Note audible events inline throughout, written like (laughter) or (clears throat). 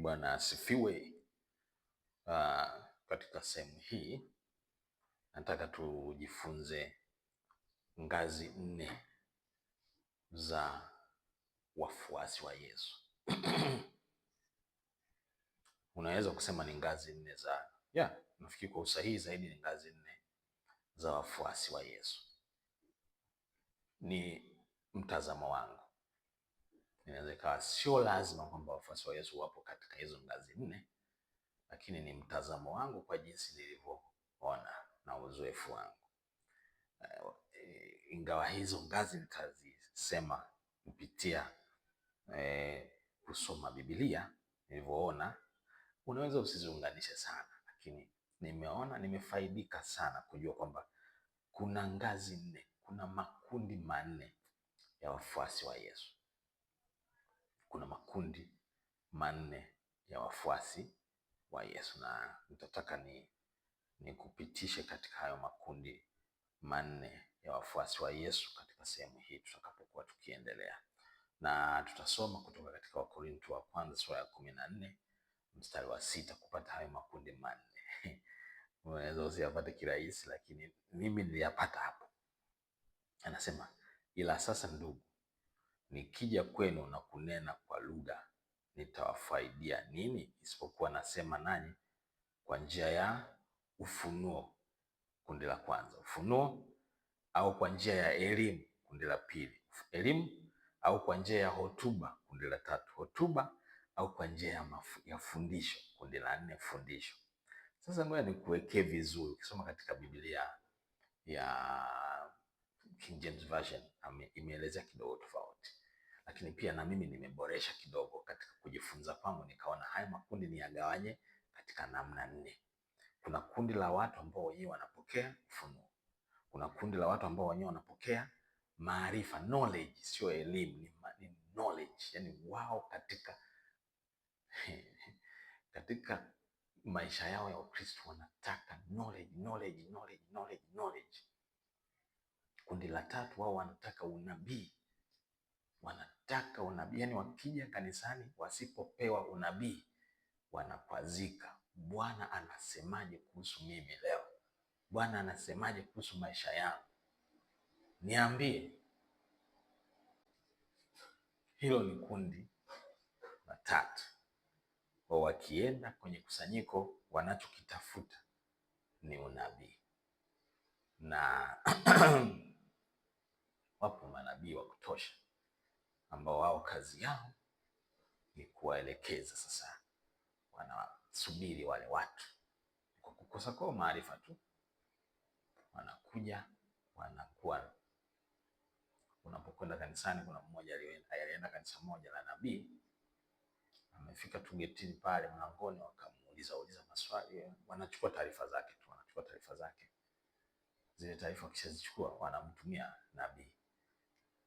Bwana asifiwe. Ah, katika sehemu hii nataka tujifunze ngazi nne za wafuasi wa Yesu. (clears throat) Unaweza kusema ni ngazi nne za ya, nafikiri kwa usahihi zaidi ni ngazi nne za wafuasi wa Yesu. Ni mtazamo wangu inaweza ikawa sio lazima kwamba wafuasi wa Yesu wapo katika hizo ngazi nne, lakini ni mtazamo wangu kwa jinsi nilivyoona na uzoefu wangu. Uh, ingawa hizo ngazi nitazisema kupitia eh, kusoma Biblia nilivyoona, unaweza usiziunganishe sana, lakini nimeona nimefaidika sana kujua kwamba kuna ngazi nne, kuna makundi manne ya wafuasi wa Yesu kuna makundi manne ya wafuasi wa Yesu na nitataka ni nikupitishe katika hayo makundi manne ya wafuasi wa Yesu katika sehemu hii tutakapokuwa tukiendelea, na tutasoma kutoka katika Wakorintho wa kwanza sura ya kumi na nne mstari wa sita kupata hayo makundi manne. (laughs) Unaweza usiyapate kirahisi, lakini mimi niliyapata hapo. Anasema, ila sasa ndugu nikija kwenu na kunena kwa lugha nitawafaidia nini? Isipokuwa nasema nanyi kwa njia ya ufunuo, kundi la kwanza, ufunuo au kwa njia ya elimu, kundi la pili, elimu au kwa njia ya hotuba, kundi la tatu, hotuba au kwa njia ya, ya fundisho, kundi la nne, fundisho. Sasa ngoja nikuwekee vizuri, ukisoma katika Biblia ya King James Version imeelezea kidogo tofauti lakini pia na mimi nimeboresha kidogo katika kujifunza kwangu, nikaona haya makundi ni yagawanye katika namna nne. Kuna kundi la watu ambao wenyewe wanapokea ufunuo. Kuna kundi la watu ambao wenyewe wanapokea maarifa, knowledge, sio elimu, ni knowledge. Yani wao katika (laughs) katika maisha yao ya Ukristo wanataka knowledge, knowledge, knowledge, knowledge, knowledge. Kundi la tatu wao wanataka unabii wakitaka unabii, yani wakija kanisani wasipopewa unabii wanakwazika. Bwana anasemaje kuhusu mimi leo? Bwana anasemaje kuhusu maisha yangu? Niambie. Hilo ni kundi la tatu, kwa wakienda kwenye kusanyiko wanachokitafuta ni unabii na (clears throat) wapo manabii wa kutosha ambao wao kazi yao ni kuwaelekeza sasa, wanasubiri wale watu kwa kukosa kwao maarifa tu, wanakuja wanakuwa. Unapokwenda kanisani, kuna mmoja alienda kanisa moja la nabii, amefika tu getini pale mlangoni, wakamuuliza uliza maswali, wanachukua taarifa zake tu, wanachukua taarifa zake, zile taarifa wakishazichukua wanamtumia nabii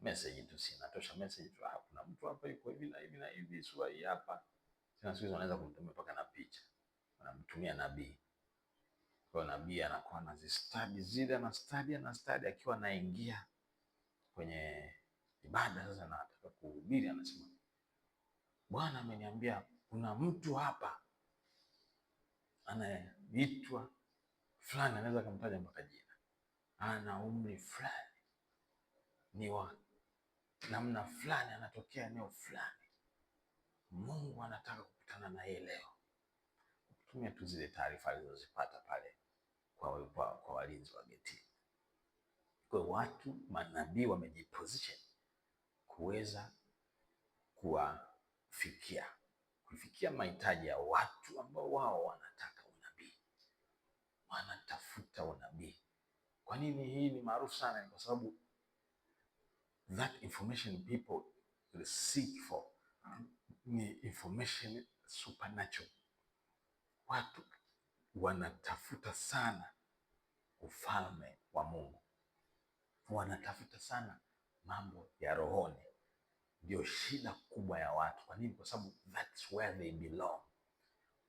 Message tu sinatosha message tu, ah, kuna mtu hapa yuko hivi na hivi na hivi, sura hii hapa. Sina siku hizi kumtumia paka na picha, anamtumia nabii. Kwa nabii anakuwa na anazistadi zile, na anastadi, akiwa anaingia kwenye ibada sasa, na anataka kuhubiri, anasema Bwana ameniambia kuna mtu hapa anaitwa fulani, anaweza kumtaja mpaka jina, ana umri fulani, ni wa namna fulani, anatokea eneo fulani, Mungu anataka kukutana yeye leo, kutumia tu zile taarifa alizozipata pale kwa, kwa, kwa walinzi wa geti. Kwa watu manabii wamejiposition kuweza kuwafikia kufikia mahitaji ya watu ambao wao wanataka unabii, wanatafuta unabii. Kwa nini hii ni maarufu sana? Ni kwa sababu that information people seek for ni information supernatural. Watu wanatafuta sana ufalme wa Mungu, wanatafuta sana mambo ya rohoni. Ndio shida kubwa ya watu. Kwa nini? Kwa sababu that's where they belong.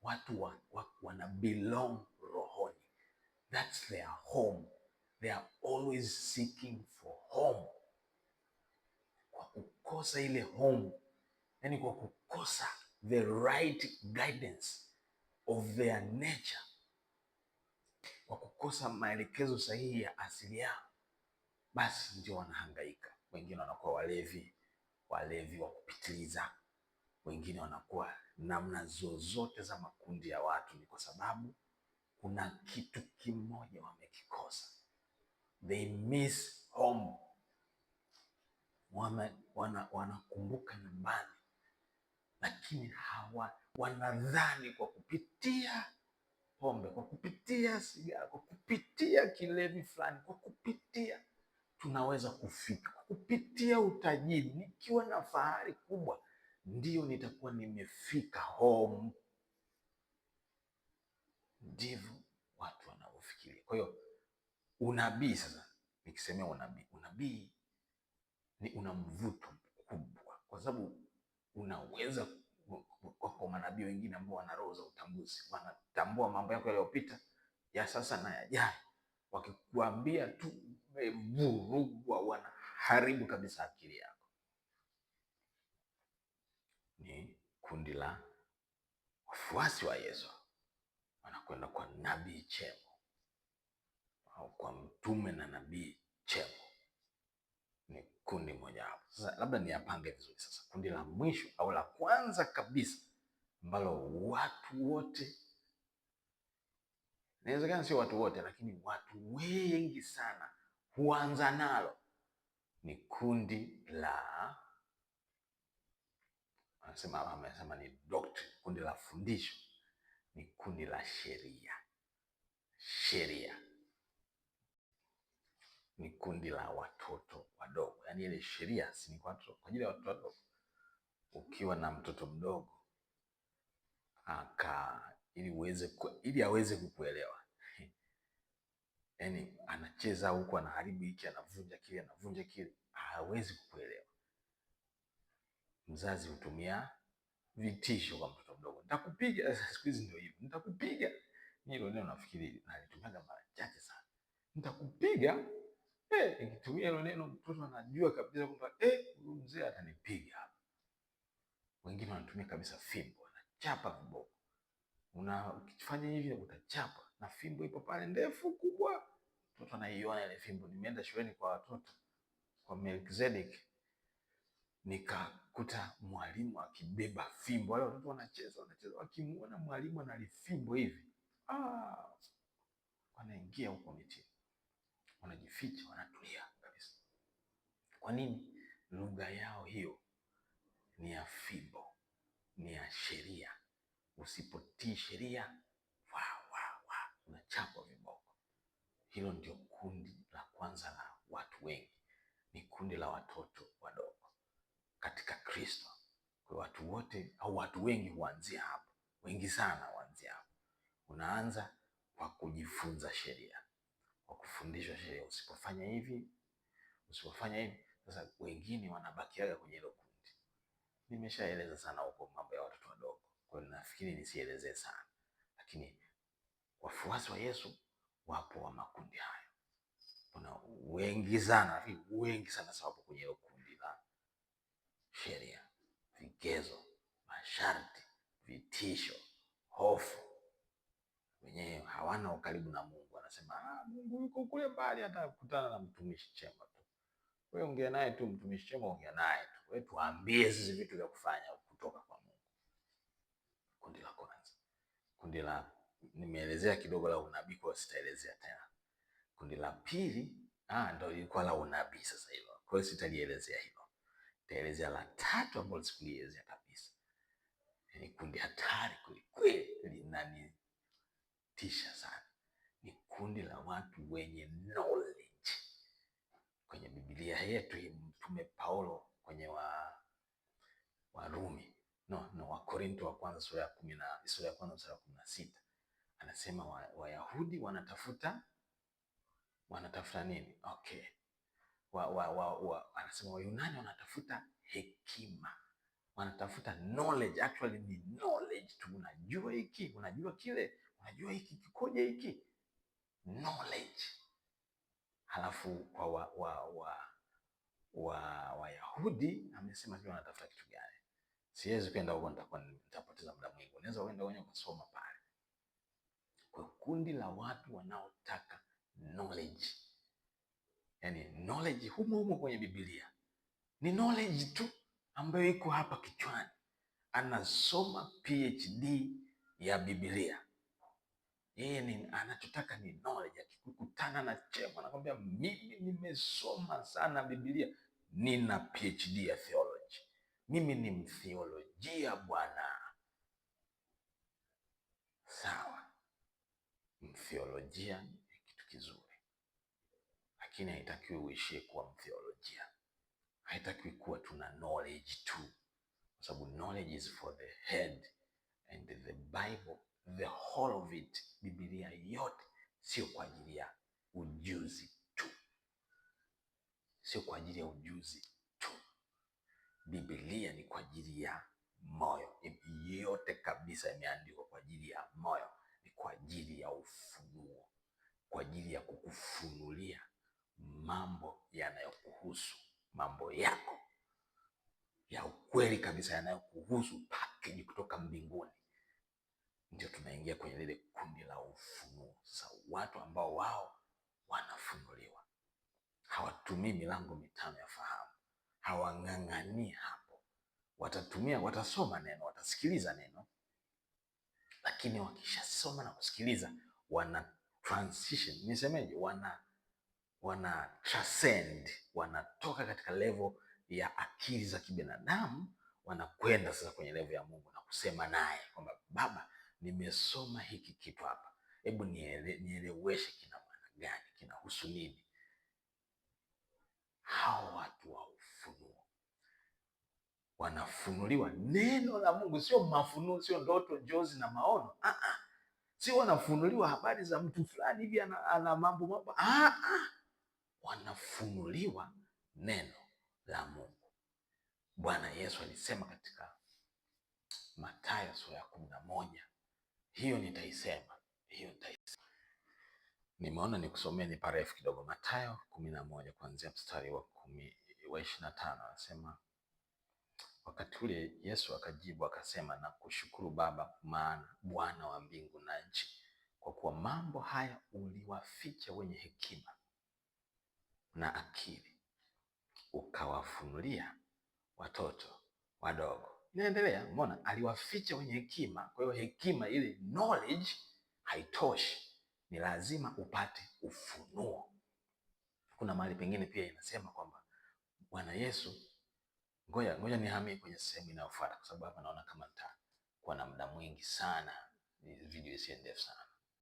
Watu wa, wa, wana belong rohoni, that's their home. They are always seeking for kukosa ile home, yani kwa kukosa the right guidance of their nature, kwa kukosa maelekezo sahihi ya asili yao, basi ndio wanahangaika. Wengine wanakuwa walevi, walevi wa kupitiliza, wengine wanakuwa namna zozote za makundi ya watu, ni kwa sababu kuna kitu kimoja wamekikosa, they miss home wanakumbuka wana, wana nyumbani, lakini hawa wanadhani kwa kupitia pombe, kwa kupitia sigara, kwa kupitia kilevi fulani, kwa kupitia tunaweza kufika, kwa kupitia utajiri, nikiwa na fahari kubwa ndio nitakuwa nimefika home. Ndivyo watu wanavyofikiria. Kwa hiyo unabii sasa, nikisemea unabii, unabii ni una mvuto mkubwa, kwa sababu unaweza kwa manabii wengine ambao wana roho za utambuzi, wanatambua mambo yako yaliyopita ya sasa na yajayo. Wakikuambia tu umevurugwa, wanaharibu kabisa akili yako. Ni kundi la wafuasi wa Yesu, wanakwenda kwa nabii chemo au kwa mtume na nabii chemo kundi mojawapo. Sasa labda niyapange vizuri sasa. Kundi la mwisho au la kwanza kabisa ambalo watu wote, inawezekana sio watu wote, lakini watu wengi sana huanza nalo ni kundi la anasema, amesema ni doctrine, kundi la fundisho, ni kundi la sheria sheria ni kundi la watoto wadogo, yaani ile sheria si ni kwa ajili ya watoto wadogo. Ukiwa na mtoto mdogo aka ili uweze ili aweze kukuelewa (laughs) yaani anacheza huku anaharibu hiki anavunja kile anavunja kile, hawezi kukuelewa. Mzazi hutumia vitisho kwa mtoto mdogo, nitakupiga. Siku hizi ndio hivyo, nitakupiga. Nilo leo nafikiri nalitumiaga mara chache sana, nitakupiga eh, nikitumia hilo neno mtoto anajua kabisa kwamba eh, huyu mzee atanipiga hapa. Wengine wanatumia kabisa fimbo, anachapa viboko. Una ukifanya hivi utachapa, na fimbo ipo pale ndefu kubwa, mtoto anaiona ile fimbo. Nimeenda shuleni kwa watoto kwa Melkizedek, nikakuta mwalimu akibeba fimbo, wale watoto wanacheza wanacheza, wakimuona mwalimu analifimbo hivi ah, wanaingia huko mitini wanajificha, wanatulia kabisa. Kwa nini? Lugha yao hiyo ni ya fimbo, ni ya sheria. Usipotii sheria wa wa wa unachapwa viboko. Hilo ndio kundi la kwanza la watu wengi, ni kundi la watoto wadogo katika Kristo. Kwa watu wote au watu wengi huanzia hapo, wengi sana huanzia hapo. Unaanza kwa kujifunza sheria kwa kufundishwa sheria, usipofanya hivi, usipofanya hivi. Sasa wengine wanabakiaga kwenye hilo kundi. Nimeshaeleza sana huko mambo ya watoto wadogo, kwa hiyo nafikiri nisielezee sana, lakini wafuasi wa Yesu wapo wa makundi hayo, kuna wengi sana, wengi sana sawapo kwenye hilo kundi la sheria, vigezo, masharti, vitisho, hofu, wenyewe hawana ukaribu na Mungu anasema ah, Mungu yuko kule mbali, hata kukutana na mtumishi chema tu. Wewe ongea naye tu, mtumishi chema ongea naye tu. Wewe tuambie sisi vitu vya kufanya kutoka kwa Mungu. Kundi la kwanza. Kundi la nimeelezea kidogo la unabii kwa sitaelezea tena. Kundi la pili, ah, ndio ilikuwa la unabii sasa hilo. Kwa hiyo sitalielezea hilo. Nitaelezea la tatu ambalo sikulielezea kabisa. Ni kundi hatari kweli kweli linanitisha sana kundi la watu wenye knowledge. Kwenye Biblia yetu Mtume Paulo kwenye wa Warumi no, no, Wakorinto wa kwanza sura ya kumi na sura ya kwanza sura ya kumi na sita anasema Wayahudi wa wanatafuta wanatafuta nini? Okay. Wa, wa, wa, wa, anasema Wayunani wanatafuta hekima wanatafuta knowledge. Actually ni knowledge tu, unajua hiki unajua kile unajua hiki kikoje hiki knowledge. Halafu kwa wa, wa, wa, wa Wayahudi amesema sio wanatafuta kitu gani? Siwezi kwenda huko, nitakuwa nitapoteza muda mwingi. Unaweza kwenda wenyewe kusoma pale. Kwa kundi la watu wanaotaka knowledge, Yani knowledge humo humo kwenye Biblia ni knowledge tu ambayo iko hapa kichwani, anasoma PhD ya Biblia yeye ni anachotaka ni knowledge. Akikutana na chema anakwambia mimi nimesoma sana Biblia, nina PhD ya theology, mimi ni mtheolojia bwana. Sawa, mtheolojia ni kitu kizuri, lakini haitakiwi uishie kuwa mtheolojia, haitakiwi kuwa tuna knowledge tu, kwa sababu knowledge is for the head and the Bible the whole of it, Bibilia yote, sio kwa ajili ya ujuzi tu, sio kwa ajili ya ujuzi tu. bibilia ni kwa ajili ya moyo, yote kabisa imeandikwa kwa ajili ya moyo, ni kwa ajili ya ufunuo, kwa ajili ya kukufunulia mambo yanayokuhusu, mambo yako ya ukweli kabisa yanayokuhusu, package kutoka mbinguni ndio tunaingia kwenye lile kundi la ufunuo. Sasa watu ambao wao wanafunuliwa hawatumii milango mitano ya fahamu, hawang'ang'anii hapo. Watatumia, watasoma neno, watasikiliza neno, lakini wakishasoma na kusikiliza wana transition, nisemeje? Wana wana transcend, wanatoka katika level ya akili za kibinadamu wanakwenda sasa kwenye level ya Mungu na kusema naye kwamba Baba nimesoma hiki kitu hapa, hebu nieleweshe kina maana gani, kinahusu nini? Hao watu wa ufunuo wanafunuliwa neno la Mungu, sio mafunuo, sio ndoto, njozi na maono. Ah ah, sio wanafunuliwa habari za mtu fulani hivi ana, ana mambo mambo. Ah ah, wanafunuliwa neno la Mungu. Bwana Yesu alisema katika Mathayo sura ya kumi na moja hiyo nitaisema, hiyo nitaisema. Nimeona nikusomee ni parefu kidogo. Mathayo kumi na moja kuanzia mstari wa kumi wa ishirini na tano anasema wakati ule Yesu akajibu akasema, na kushukuru Baba, maana Bwana wa mbingu na nchi, kwa kuwa mambo haya uliwaficha wenye hekima na akili, ukawafunulia watoto wadogo inaendelea. Umeona, aliwaficha wenye hekima. Kwa hiyo hekima ile knowledge haitoshi, ni lazima upate ufunuo. Kuna mahali pengine pia inasema kwamba Bwana Yesu, ngoja ngoja nihamie kwenye sehemu inayofuata, kwa sababu hapa naona kama nitakuwa na muda mwingi sana, video isiyo ndefu sana.